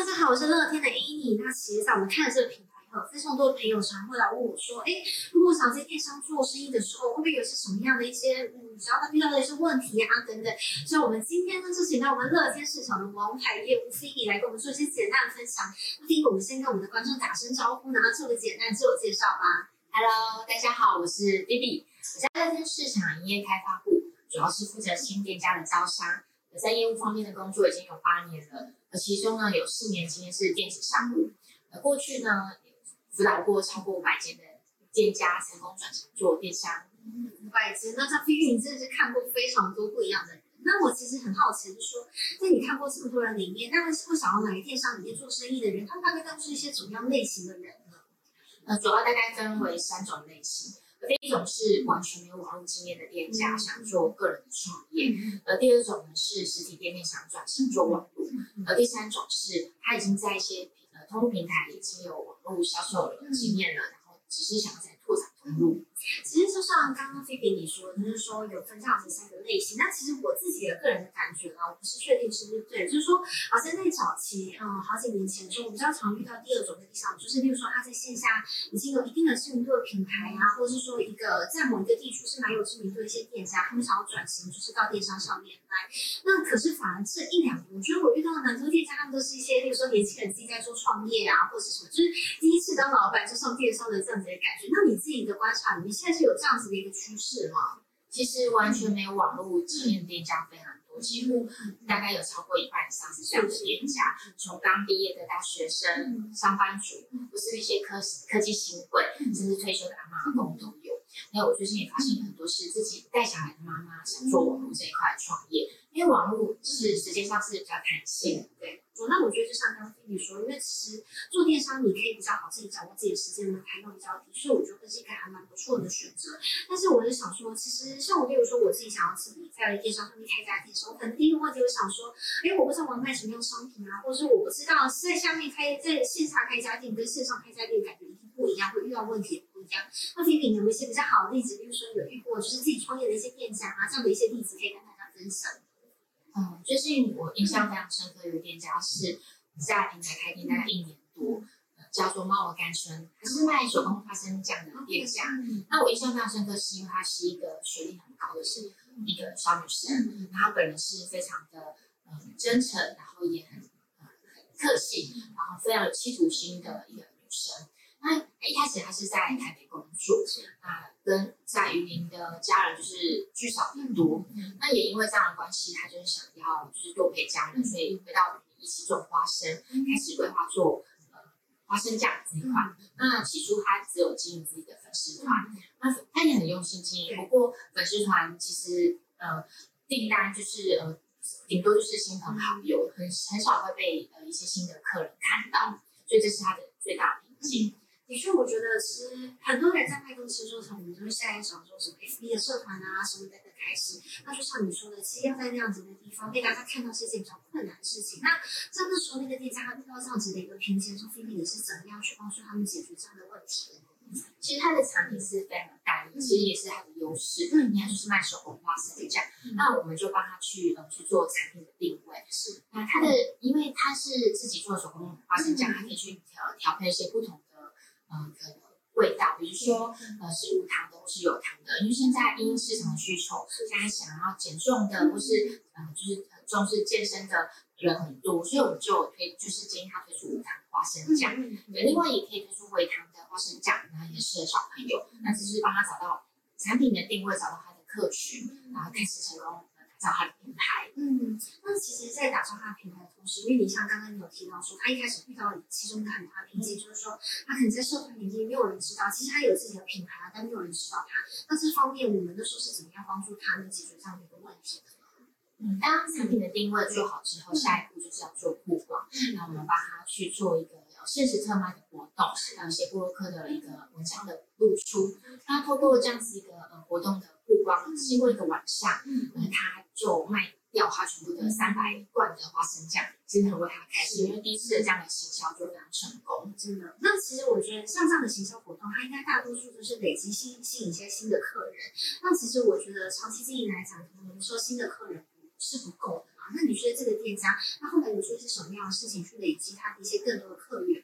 大家好，我是樂天的 Amy。那其實在我們看了這個品牌後，非常多的朋友常常會來問我說：“哎、欸，如果想在電商做生意的時候，會不會有些什麼樣的一些嗯，只要他遇到的一些問題啊，等等？”所以，我們今天呢，就請到我們樂天市場的王牌業務 Febi 來跟我們做一些簡單的分享。那第一，我們先跟我們的觀眾打聲招呼，然後做個簡單的自我介紹吧。Hello，大家好，我是 Febi，我在樂天市場營業開發部，主要是負責新店家的招商。我在業務方面的工作已經有八年了。呃，其中呢有四年經驗是電子商務，呃，過去呢輔導過超過五百間的店家成功轉型做電商，五、嗯嗯、百間，那在 Febi 你真的是看過非常多不一樣的人。那我其實很好奇的，就說在你看過這麼多人裡面，那麼是不想要來電商裡面做生意的人，他們大概都是一些怎麼樣類型的人呢、嗯？呃，主要大概分為三種類型。第一種是完全沒有網絡經驗的店家、嗯、想做個人的創業，呃、嗯，而第二種呢是實體店面想轉型做網絡，呃、嗯，而第三種是他已經在一些呃通路平台已經有網絡銷售經驗了、嗯，然後只是想再拓展通路。其實就像剛剛菲比你說，就是說有分這樣子三個類型。那其實我自己的個人的感覺呢、啊，我不是確定是不是對，就是說好像在早期，嗯，好幾年前，就我比較常，常遇到第二種的電商，就是例如說他、啊、在線下已經有一定的知名度的品牌啊，或者是說一個在某一個地區是蠻有知名度的一些店家，他們想要轉型，就是到電商上面來。那可是反而這一兩年，我覺得我遇到的很多店家，他們都是一些例如說年輕人自己在做創業啊，或者是什麼，就是第一次當老闆，就上電商的這樣子的感覺。那你自己的觀察，你？現在是有這樣子的一個趨勢嘛？其實完全沒有網絡經驗的店家非常多，幾乎大概有超過一半以上是新手店家，從剛畢業的大學生、嗯、上班族，不是一些科科技新貴，甚至退休的阿嬤，通通有。還、嗯、有我最近也發現很多是自己帶小孩的媽媽想做網絡這一塊創業，因為網絡是時間上，是比較彈性，對。那我覺得就像剛剛你說，因為其實做電商，你可以比較好自己掌握自己的時間嘛，到比較低，所以我覺得這是一個還蠻不錯的選擇。但是我就想說，其實像我比如說我自己想要自己在電商上面開家店，所以我可能第一個問題，我想說，哎，我不知道我要賣什麼樣的商品啊，或者是我不知道在下面開在線下開家店跟線上開家店感覺一定不一樣，會遇到問題也不一樣。那菲比，你有沒有一些比較好的例子，比如說有遇過就是自己創業的一些店家啊這樣的一些例子，可以跟大家分享？最近我印象非常深刻，有一個店家是在平台開店大概一年多，呃、叫做貓兒干春，她是賣手工花生醬的店家、嗯。那我印象非常深刻，是因為她是一個學歷很高的，嗯、是一個小女生、嗯，然後本人是非常的呃、嗯、真誠，然後也很呃、嗯、很客氣，然後非常有企圖心的一個女生。那一開始他是在台北工作，那、啊、跟在雲林的家人就是聚少離多、嗯。那也因為這樣的關係，他就是想要就是多陪家人，所以回到我們一起種花生，嗯、開始規劃做、呃、花生醬這一塊、嗯。那起初他只有經營自己的粉絲團，那他也很用心經營。不過粉絲團其實呃訂單就是呃頂多就是親朋好友，嗯、有很很少會被呃一些新的客人看到，所以這是他的最大瓶頸。嗯的確，我覺得是，很多人在賣東西的時候，可能都會先想說什麼 FB 的社團啊什，什麼的開始。那就像你說的，其實要在那樣子的地方被大家看到是一件比較困難的事情。那這那時候那個店家遇到這樣子的一個瓶頸，說 Febi 你是怎麼樣去幫助他們解決這樣的問題？其實他的產品是非常單一，其實也是他的優勢。嗯，你看就是賣手工花生醬，那我們就幫他去呃去做產品的定位。是，那他的、嗯、因為他是自己做手工花生醬，還、嗯啊、可以去調調配一些不同。呃，的味道，比如說，呃，是無糖的，或是有糖的，因為現在因市場的需求，大家想要減重的，或是呃，就是重視健身的人很多，所以我們就推，就是建議他推出無糖的花生醬，對，另外也可以推出微糖的花生醬，然後也適合小朋友，那只是幫他找到產品的定位，找到他的客群，然後開始成功。打造品牌，嗯，那其實，在打造他的品牌的同時，因為你像剛剛你有提到說，他一開始遇到其中很大瓶頸，就是說、嗯、他可能在受眾裡面沒有人知道，其實他有自己的品牌、啊、但沒有人知道他。那這方面，我們那時候是怎麼樣幫助他們解決這樣的一個問題？嗯，當產品的定位做好之後，嗯，下一步就是要做推廣、嗯、然那我們幫他去做一個。限時特賣的活動，是有一些部落客的一個文章的露出，那透過這樣子一個呃、嗯、活動的曝光，經過一個晚上，那、嗯嗯嗯、他就賣掉他全部的三百罐的花生醬，真的為他開心，因為第一次的這樣的行銷就非常成功，真的。那其實我覺得像這樣的行銷活動，他應該大多數都是累積吸引吸引一些新的客人。那其實我覺得長期經營來講，我們說新的客人是不夠的啊。那你覺得這個店家，那後來有做一些什麼樣的事情去累積他的一些更多的客源？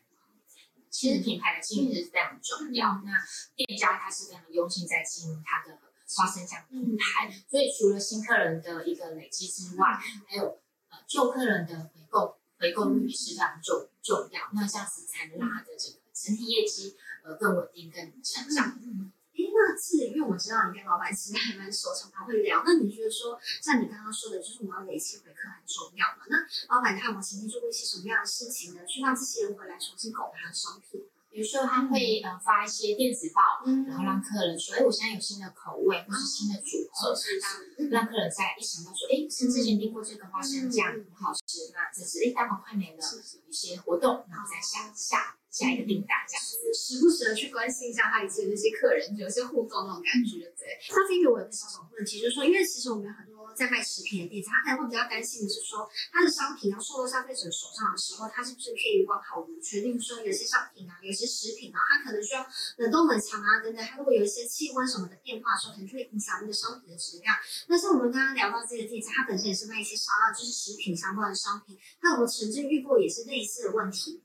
其實品牌的經營是非常重要。那店家他是非常用心在經營他的花生醬品牌，嗯，所以除了新客人的一個累積之外，還有呃舊客人的回購，回購率是非常重、嗯、重要。那這樣子才能拉的這個整體業績呃更穩定，更成長。嗯那是因為我知道你跟老板其實還蠻熟，常常會聊。那你覺得說，像你剛剛說的，就是我們要累積回客很重要嘛？那老板他有曾經做過一些什麼樣的事情呢，去讓這些人回來重新購買他的商品？比如說，他會呃發一些電子報，嗯、然後讓客人說、嗯，哎，我現在有新的口味，或、啊、是新的組合是是是，讓客人再一想到說，哎、嗯，是之前訂過這個，花生醬很、嗯、好吃，那這、就、次、是，哎，待會快沒了，有一些活動，然後再下下下一個訂單，這樣子時不時的去關心一下他以前那些客人，有些互動那種感覺。對。他 Febi，我有個小，小問題，就是說，因為其實我們有很多。在賣食品的店家，他可能會比較擔心的是說，他的商品要送到消費者手上的時候，他是不是可以完好無缺？確定說，有些商品啊，有些食品啊，他可能需要冷凍冷藏啊，等等。它如果有一些氣溫什麼的變化，的時候，可能就會影響那個商品的質量。但是我們剛剛聊到這個店家，它本身也是賣一些商量，就是食品相關的商品。那我們曾經遇過也是類似的問題。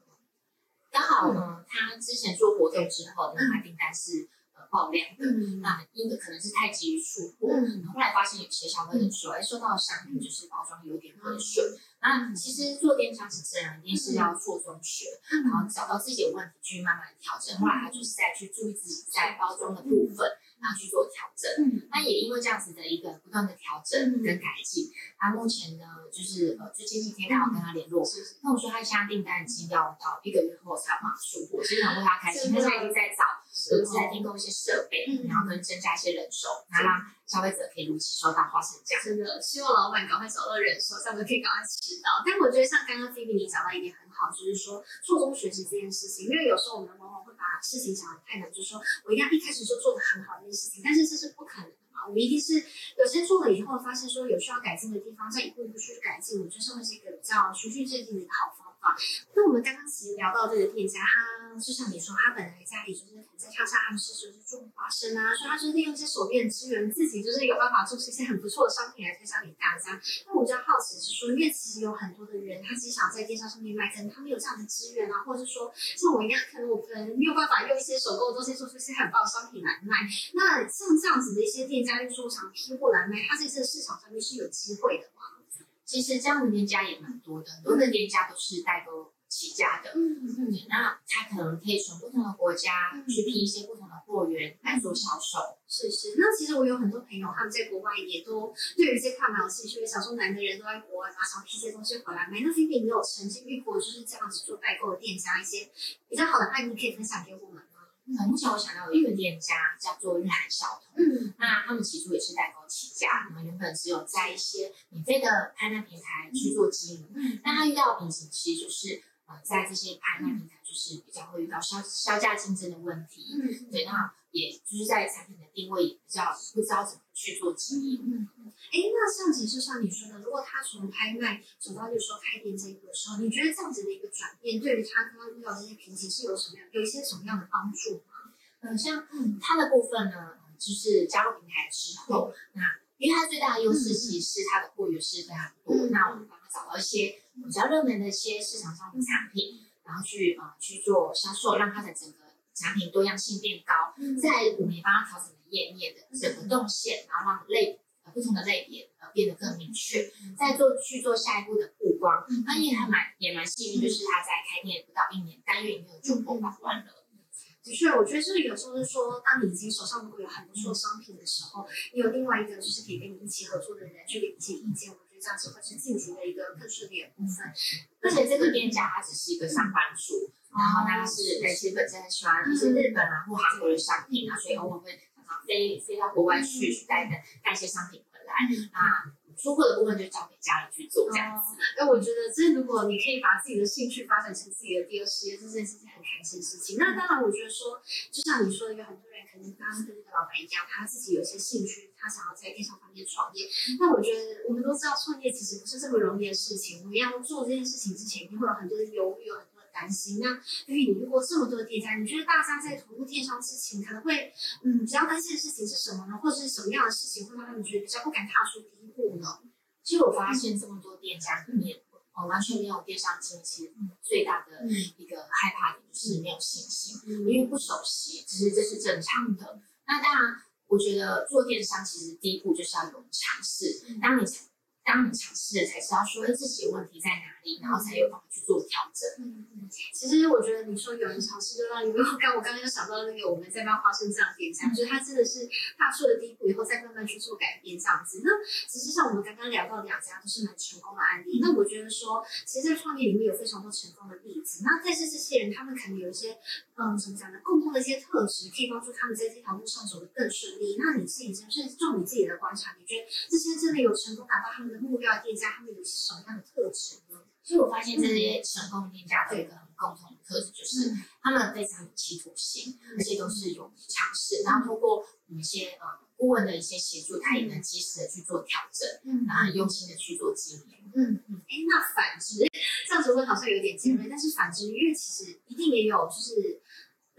剛好呢，他、嗯、之前做活動之後，那他訂單是。嗯爆量的，那一個可能是太急於出貨，嗯、後來發現有些消費者說，哎，收到商品就是包裝有點破損，嗯。那其實做電商其實也一定是要做中學，嗯、然後找到自己的問題去慢慢調整，嗯。後來他就是再去注意自己在包裝的部分。嗯嗯然後去做調整，嗯。那也因為這樣子的一個不斷的調整跟改進，那、嗯啊、目前呢就是呃，最近幾天剛好跟他聯絡、嗯，那我說他現在訂單已經要到一個月後才有辦法出貨、嗯。其實很為他開心，因為他已經在找，呃，在訂購一些設備、嗯，然後跟增加一些人手，那、嗯、讓消費者可以如期收到花生醬。真的，希望老闆趕快找到人手，這樣我們可以趕快吃到。但我覺得像剛剛 Febi 你找到一點很。就是說，錯中學習這件事情，因為有時候我們往往會把事情想得太難，就是說我一定要一開始就做得很好一件事情，但是這是不可能的嘛。我們一定是有些做了以後，發現說有需要改進的地方，再一步一步去改進，我覺得這是一個比較循序漸進的好方。啊，那我們剛剛其實聊到這個店家，他就像你說，他本來家裡就是在鄉下，他們是就是種花生啊，所以他就是利用一些手邊資源，自己就是有辦法做出一些很不錯的商品來推銷給大家。那我比較好奇是說，因為其實有很多的人，他其實想在電商上面賣，但他沒有這樣的資源啊，或者是說像我一樣，可能我可能沒有辦法用一些手工的東西做出一些很棒的商品來賣。那像這樣子的一些店家就說，就是我想批貨來賣，他在這個市場上面是有機會的嗎？其實這樣的店家也蠻多的，很多的店家都是代購起家的。嗯，那他可能可以從不同的國家、嗯、去拼一些不同的貨源，探、嗯、索銷售。是是，那其實我有很多朋友，他們在國外也都對於這塊蠻有興趣的，小時候哪個人都在國外，拿小皮鞋這些東西回來賣。那是因為你有曾經遇過就是這樣子做代購的店家一些比較好的案例，可以分享給我們？目前我想到有一個店家叫做日韓小童，嗯，那他們起初也是代購起家，我們原本只有在一些免費的拍賣平台去做經營、嗯，嗯，那他遇到瓶頸期就是，呃，在這些拍賣平台就是比較會遇到削、削價競爭的問題，嗯，嗯對，那。也就是在產品的定位也比較不知道怎麼去做經營。嗯哎、嗯欸，那像，就像你說的，如果他從拍賣走到就是說開店這個時候，你覺得這樣子的一個轉變，對於他剛剛遇到那些瓶頸是有什麼樣，有一些什麼樣的幫助嗎？嗯，像嗯他的部分呢，嗯、就是加入平台之後，嗯、那因為他最大的優勢其實是他的貨源是非常多，嗯、那我們幫他找到一些比較熱門的一些市場上的產品，然後去呃、嗯嗯、去做銷售，讓他的整個。產品多樣性變高，在我們也幫他調整的頁面的整個、嗯、動線，然後讓類呃不同的類別呃變得更明確，再做去做下一步的曝光。嗯、他也還蠻也蠻幸運，就是他在開店不到一年，單月已經有突破百萬了。的、嗯、確，我覺得這個有時候是說，當你已經手上如果有很不錯商品的時候，也、嗯、有另外一個就是可以跟你一起合作的人，去給你一些意見，我覺得這樣子會是進行的一個更順利的部分。而且這個店家他只是一個上班族。嗯嗯然後他是，在其實本身很喜歡一些日本啊、嗯、或韓國的商品啊，嗯、所以偶爾會常飛飛到國外去，帶、嗯、的帶一些商品回來、嗯、啊。出貨的部分就交給家裡去做這樣子。那、哦、我覺得，這如果你可以把自己的興趣發展成自己的第二事業，這件事情是很開心的事情。嗯、那當然，我覺得說，就像你說的，的有很多人可能剛剛跟這個老板一樣，他自己有一些興趣，他想要在電商方面創業。那我覺得，我們都知道創業其實不是這麼容易的事情。我們要做這件事情之前，一定會有很多的猶豫，很。擔心那，因為你遇過這麼多的店家，你覺得大家在投入電商之前，可能會嗯比較擔心的事情是什麼呢？或者是什麼樣的事情會讓他們覺得比較不敢踏出第一步呢？其實我發現這麼多店家裡面、嗯嗯，完全沒有電商經濟、嗯、最大的一個害怕點就是沒有信心，嗯、因為不熟悉，其實這是正常的。那當然，我覺得做電商其實第一步就是要勇於嘗試。當你。當你嘗試了，才知道說哎，自己的問題在哪裡，然後才有辦法去做調整。嗯嗯。其實我覺得你說有人嘗試就讓你，因為我剛我剛剛又想到那個我們在發生身上變相，我覺得他真的是踏出了第一步，以後再慢慢去做改變這樣子。那其實像我們剛剛聊到兩家都是蠻成功的案例。那我覺得說，其實在創業裡面有非常多成功的例子。那但是這些人他們可能有一些。嗯，怎麼講呢？共同的一些特質可以幫助他們在這條路上走得更順利。那你自己從，甚至你自己的觀察，你覺得這些真的有成功達到他們的目標店家，他們有些什麼樣的特質呢？嗯？所以我發現這些成功的店家會有一個很共同的特質，嗯，就是他們非常有企圖心，而且都是有嘗試。然後通過一些呃顧問的一些協助，他也能及時的去做調整，嗯，然後很用心的去做經營。嗯嗯。哎、欸，那反之，上次會好像有點尖銳，嗯，但是反之，因為其實一定也有就是。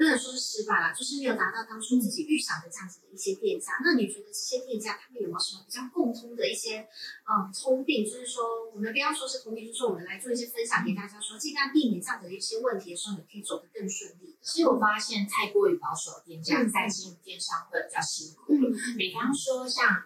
不能說是失敗啦，就是沒有達到當初自己預想的這樣子的一些店家。那你覺得這些店家他們有沒有什麼比較共通的一些嗯通病，就是說，我們不要說是通病，就是說我們來做一些分享給大家說，說盡量避免這樣的一些問題的時候，你可以走得更順利、嗯。其實我發現太過於保守的店家在這種電商會比較辛苦。嗯，比、嗯、方、嗯、說像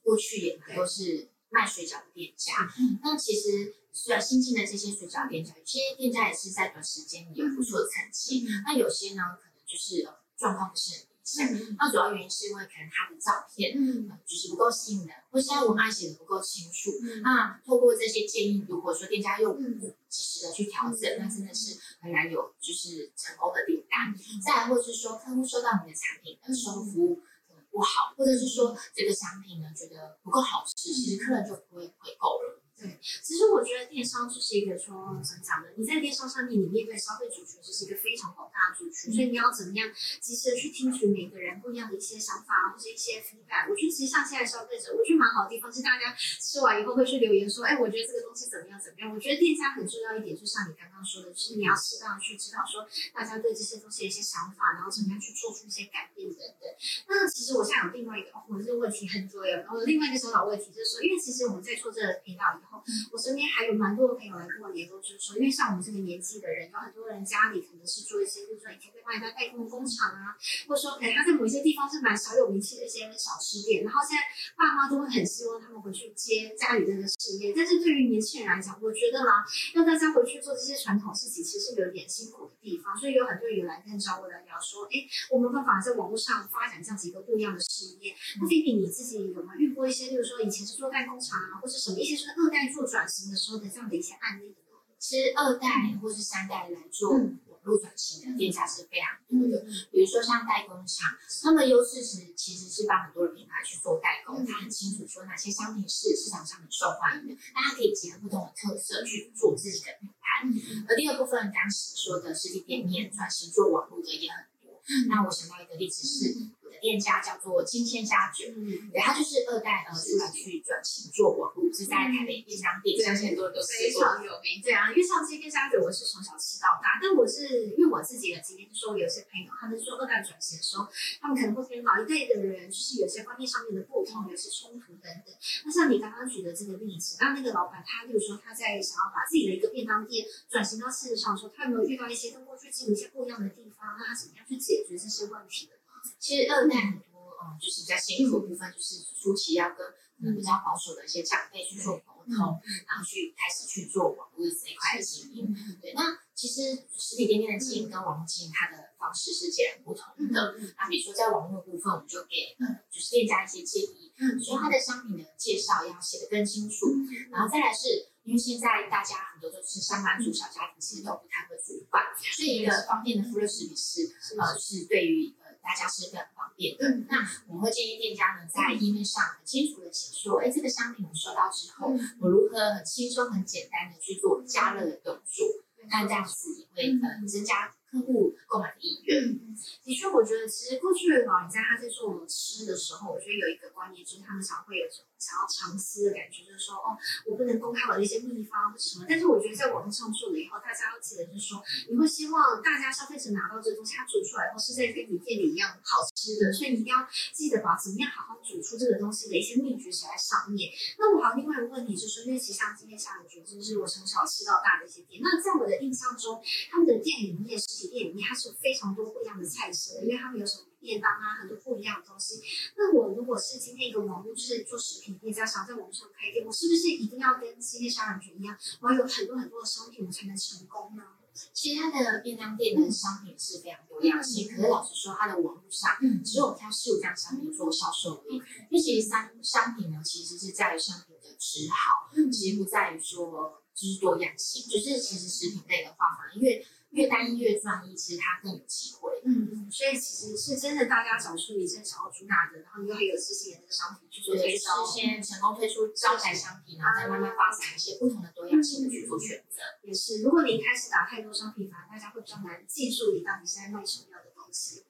過去也都是賣水餃的店家、嗯，那其實。雖然、啊、新進的這些水餃店家，有些店家也是在短時間裡有不錯的成績、嗯，那有些呢可能就是狀況、呃、不是很理想、嗯。那主要原因是因為可能他的照片，嗯、呃，就是不夠吸引人，或是他文案寫的不夠清楚。那、嗯啊、透過這些建議，如果說店家又不及時的去調整，那真的是很難有就是成功的訂單。再來或是說，客戶收到你的產品的售後服務不好，或者是說這個商品呢覺得不夠好吃，其實客人就不會回購了。嗯對，其實我覺得電商就是一個說、嗯、怎麼講呢？你在電商上面，你面對消費族群，這是一個非常廣大的族群、嗯，所以你要怎麼樣及時的去聽取每個人不一樣的一些想法或者一些 feedback。我覺得其實像現在消費者，我覺得蠻好的地方是，大家吃完以後會去留言說，哎、欸，我覺得這個東西怎麼樣怎麼樣。我覺得電商很重要一點，就像你剛剛說的，就是你要適當的去知道說大家對這些東西的一些想法，然後怎麼樣去做出一些改變等等。那其實我現在有另外一個、哦、我這個問題很重要，然後另外一個小小問題就是說，因為其實我們在做這個頻道以後。嗯、我身邊還有蠻多的朋友來跟我聯絡，就是說，因為像我們這個年紀的人，有很多人家裡可能是做一些，就是說以前在外面代工的工廠啊，或者說哎他在某一些地方是蠻小有名氣的一些小吃店，然後現在爸媽都會很希望他們回去接家裡這個事業。但是對於年輕人來講，我覺得啦，讓大家回去做這些傳統事情，其實有點辛苦的地方。所以有很多人來跟找我來聊說，哎、欸，我們不妨在網絡上發展這樣子一個不一樣的事業。那菲比你自己有沒有遇過一些，就是說以前是做代工廠啊，或者是什麼一些就是二代。在做轉型的時候的這樣的一些案例。其實二代或是三代來做網絡轉型的店家是非常多的。比如說像代工廠，他們的優勢是其實是幫很多的品牌去做代工，他很清楚說哪些商品是市場上很受歡迎的，大家可以結合不同的特色去做自己的品牌。而第二部分當時說的是實體店面轉型做網絡的也很多，那我想到一個例子是。店家叫做金仙蝦捲，對，他就是二代呃出來去轉型做網絡，嗯、不是在台北便當、嗯、店做，相信很多都非常有名這樣、啊，因為像金仙蝦捲，我是從小吃到大。但我是因為我自己的經驗，就說有些朋友，他們說二代轉型的時候，他們可能會跟老一輩的人，就是有些觀念上面的不同，有些衝突等等。那像你剛剛舉的這個例子，那那個老闆他，他就說他在想要把自己的一個便當店轉型到線上，說他有沒有遇到一些跟過去經營一些不一樣的地方？那他怎麼樣去解決這些問題呢？其實二代很多嗯，就是比較辛苦的部分，嗯，就是初期要跟比較保守的一些長輩去做溝通，嗯，然後去開始去做網絡這一塊的經營。對，那其實實體店面的經營跟網絡經營它的方式是截然不同的。嗯、那比如說在網絡部分，我們就給、嗯、就是店家一些建議，嗯，所以它的商品的介紹要寫得更清楚，嗯。然後再來是因為現在大家很多都是上班族、小家庭，其實都不太會煮飯，嗯。所以一個方便的福業食品是呃，就是對於，大家是非常方便的，嗯。那我們會建議店家呢，在頁面上很清楚的寫說，哎、欸，這個商品我收到之後，嗯，我如何很輕鬆、很簡單的去做加熱的動作，那這樣子也會呃增加客戶購買的意願。的、嗯、確，其實我覺得其實過去老人家他在做我們吃的時候，我覺得有一個觀念就是他們常會有什麼？想要嘗試的感覺，就是說，哦，我不能公開我的一些秘方或什麼。但是我覺得在網上做了以後，大家都記得，就是說，你會希望大家消費者拿到這東西，它煮出來以後，是在跟你店裡一樣好吃的。所以你一定要記得把怎麼樣好好煮出這個東西的一些秘訣寫在上面。那我還有另外一個問題，就是因為其實像今天下午，就是我從小吃到大的一些店。那在我的印象中，他們的店裡面實體店裡面它是有非常多不一樣的菜式的，因為他們有什麼？便當啊，很多不一樣的東西。那我如果是今天一個網絡，就是做食品店，想在網上開店，我是不是一定要跟今天小朗主一樣，我要有很多很多的商品，我才能成功呢？其實它的便當店的商品是非常多樣性，可、嗯、是老實說，它的網絡上、嗯、只有是有這樣商品做銷售而已。那、嗯、其實商商品呢，其實是在於商品的質好、嗯，其實不在於說就是多樣性。就是其實食品類的話嘛，因為。越單一越專一，其實它更有機會。嗯嗯，所以其實是真的，大家找出你最想要主打的，然後你又很有自信的那個商品去做推銷，先成功推出招牌商品，嗯、然後再慢慢發展一些不同的多樣性的去做選擇、嗯嗯嗯嗯。也是，如果你一開始打太多商品的話，反而大家會比較難記住你到底現在賣什麼樣。樣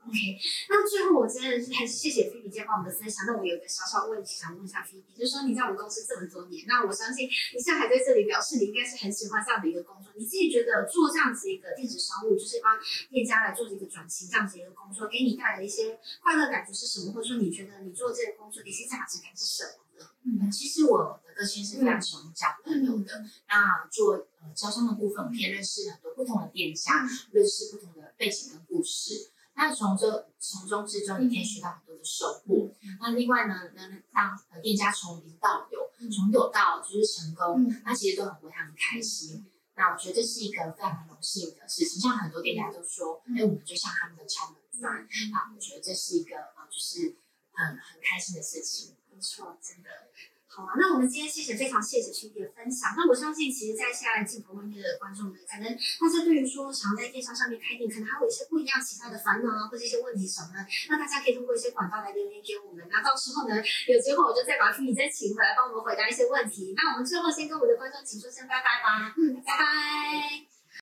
OK，那最後我真的是還是謝謝菲比姐幫我們的分享。那我有一個小小問題想問一下菲比，就是說你在我們公司這麼多年，那我相信你現在還在這裡，表示你應該是很喜歡這樣的一個工作。你自己覺得做這樣子一個電子商務，就是幫店家來做一個轉型這樣子一個工作，給你帶來一些快樂感覺是什麼？或者說你覺得你做這個工作的一些價值感是什麼呢？嗯，其實我，我的個性是非常喜歡講內容、嗯、的。那做呃招商的部分，我也認識很多不同的店家，嗯、認識不同的背景跟故事。那從這從中之中，你可以學到很多的收穫、嗯。那另外呢，那當呃店家從零到有，從有到就是成功，那、嗯、其實都很為他們開心、嗯。那我覺得這是一個非常榮幸的事情、嗯，像很多店家都說，哎、嗯欸，我們就像他們的敲門磚，啊，我覺得這是一個啊，就是很、嗯、很開心的事情。嗯、沒錯，真的。好啊，那我們今天謝謝，非常謝謝兄弟的分享。那我相信，其實，在下來鏡頭外面的觀眾們才，可能大家對於說想要在電商上面開店，可能還有一些不一樣其他的煩惱啊，或者一些問題什麼的，那大家可以通過一些管道來留言給我們。那到時候呢，有機會我就再把兄弟再請回來，幫我們回答一些問題。那我們最後先跟我們的觀眾請說聲拜拜吧，嗯，拜拜。